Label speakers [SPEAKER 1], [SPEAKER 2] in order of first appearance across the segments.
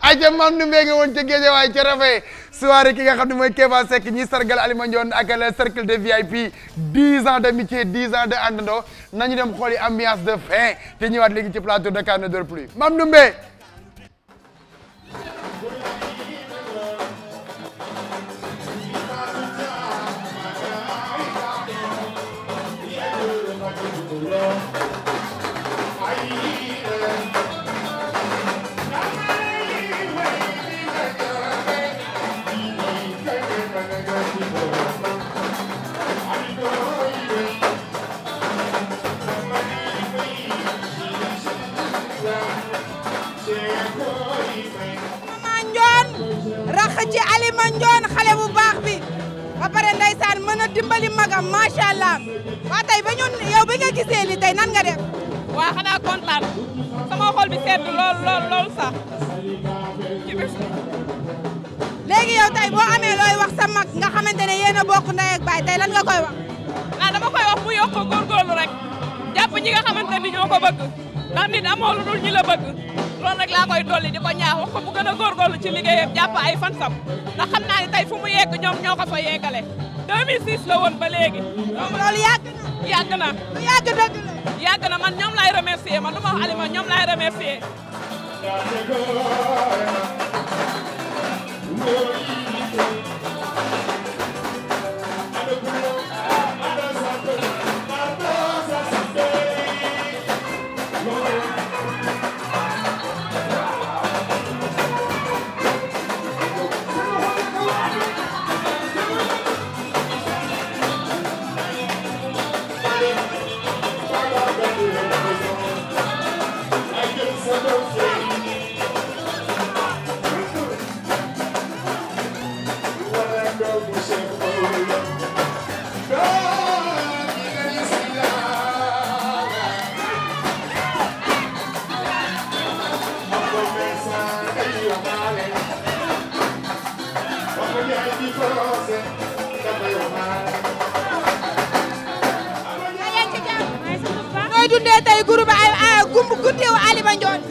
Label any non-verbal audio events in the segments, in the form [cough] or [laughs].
[SPEAKER 1] ayca [laughs] maam nu mbéy nga woon ca géej waaye ca rafet soirée ki nga xam ne mooy Kéba Seck ñi sargal Alima Ndione ak le cercle de VIP 10 ans d'amitié 10 ans de àndandoo nañu dem xooli ambiance de fin te ñëwaat léegi ci plateau Dakar ne dort plus maam nu kanam macha allah waa tey ba ñun yow bi nga gisee li tey nan nga def. waa xanaa kontaan sama xol bi sedd lool lool lool sax. léegi yow tey boo amee looy wax sa mag nga xamante ne yéen a bokk ndey ak baay tey lan nga koy wax. ah dama koy wax mu yokk góorgóorlu rek jàpp ñi nga xamante ni ñoo ko bëgg ndax nit amoo lu dul ñi la bëgg loolu rek laa koy dolli di ko ñaax wax ko mu gën a góorgóorlu ci liggéeyam jàpp ay fan sam ndax xam naa ne tey fu mu yegg ñoom ñoo ko fa yeggale. 2006 la woon ba léegi. loolu yàgg na yàgg na. lu yàgg dëgg la. yàgg na man ñoom laay remercier man du ma wax Alima ñoom laay remercier. nooy dundee tey groupe ay gumb guddeewu Alima Ndione.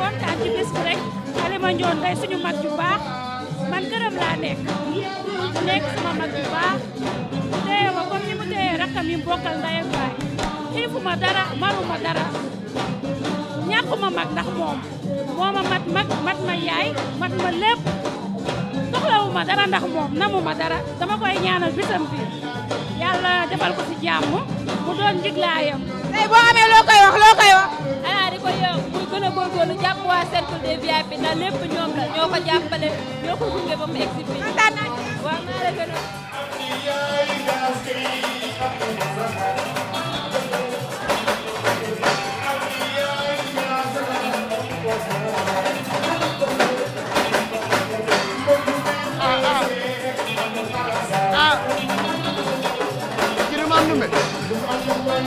[SPEAKER 1] kontaan ci bis bi rek Alima Ndione day suñu mag ju baax man këram laa nekk nekk sama mag ju baax teewa comme ni mu teewee rakkam yi bokkal ndey ak baay xiifu ma dara maru ma dara. ñàkkuma mag ndax moom moo ma mat mag mat ma yaay mat ma lépp soxlawu ma dara ndax moom namu ma dara dama koy ñaanal bisam bi yàlla defal ko ci jàmm mu doon njiglaayam boo amee loo koy wax loo koy wax alaa di ko yow gën a góorgóorlu jàpp waa cercle des VIP ndax lépp ñoom la ñoo ko jàppale ñoo ko gunge ba mu egsi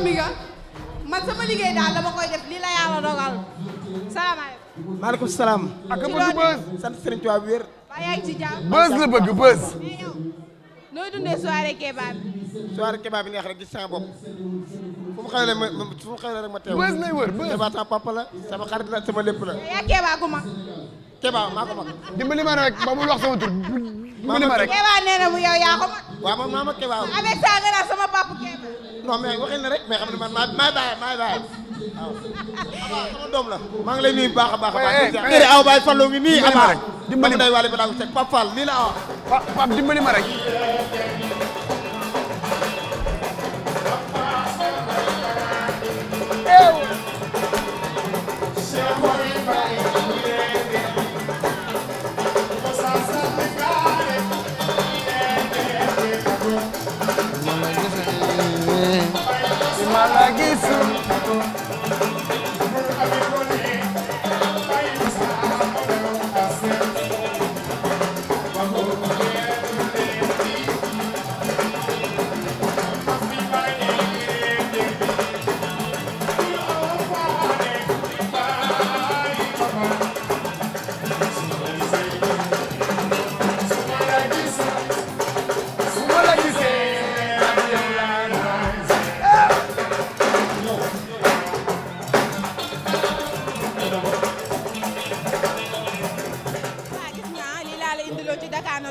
[SPEAKER 1] yombi nga man sama liggéey daal dama koy def lii la yàlla dogal salaamaaleykum. maaleykum salaam. ak bëgg bës. sant Serigne Touba wér. waaye yaa ngi ci jàmm. bës la bëgg bës. nooy dundee soirée kebab bi. soirée kebab bi neex rek gis sama bopp. fu mu xewle ba mu wax sama tur. dimbali ma rek kebab nee waaw man maa ma Keba waaw. avec ça ma naan sama papa Keba. non mais na rek mais xam ne man maa maa bàyyi maa bàyyi waaw. sama doom la maa ngi lay nuyu bu baax a baax. déedéet aw baay Fallou ngi nii. dimbali ma rek dimbali ma day wàllu balaa ko teg Pape lii la aw. Pape dimbali ma rek.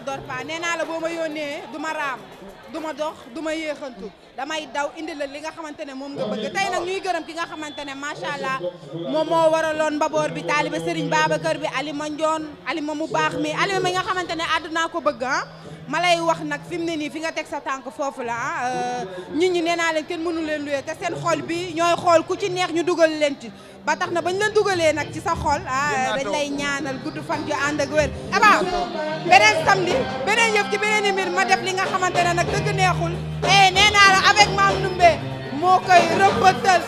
[SPEAKER 1] dors pas naa la boo ma yónnee du ma raam du ma dox du ma yéexantu damay daw indi la li nga xamante ne moom nga bëgg tey nag ñuy gërëm ki nga xamante ne macha allah moom moo waraloon mbaboor bi taaliba Serigne Babacar bi Alima Ndione Alima mu baax mi Alima mi nga xamante ne àddunaa ko bëgg ah. ma lay wax nag fi ne nii fi nga teg sa tànk foofu la ah euh, nit ñi nee naa leen kenn mënu leen luye te seen xol bi ñooy xool ku ci neex ñu dugal leen ci ba tax na bañ leen dugalee nag ci sa xol ah lay ñaanal gudd fan ju ànd ak wér abaa beneen samedi beneen yëf ci beneen mbir ma def li nga xamante ne nag dëgg neexul eh nee la avec Mame Ndoumbe moo koy rëbëtal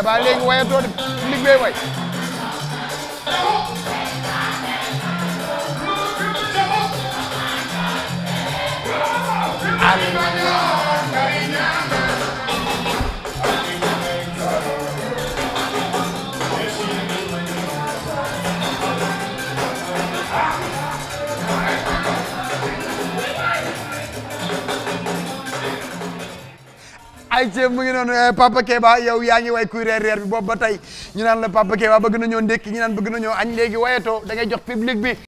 [SPEAKER 1] eh ba léegi wayatoo liggéey way ay ceeb mu ngi noonu eh, Papa Keba yow yaa ngi way kuy reer reer bi boobu ba tey ñu naan la Papa Keba bëgg nañoo ndékki ñu naan bëgg nañoo añ léegi wayatoo da ngay jox public bi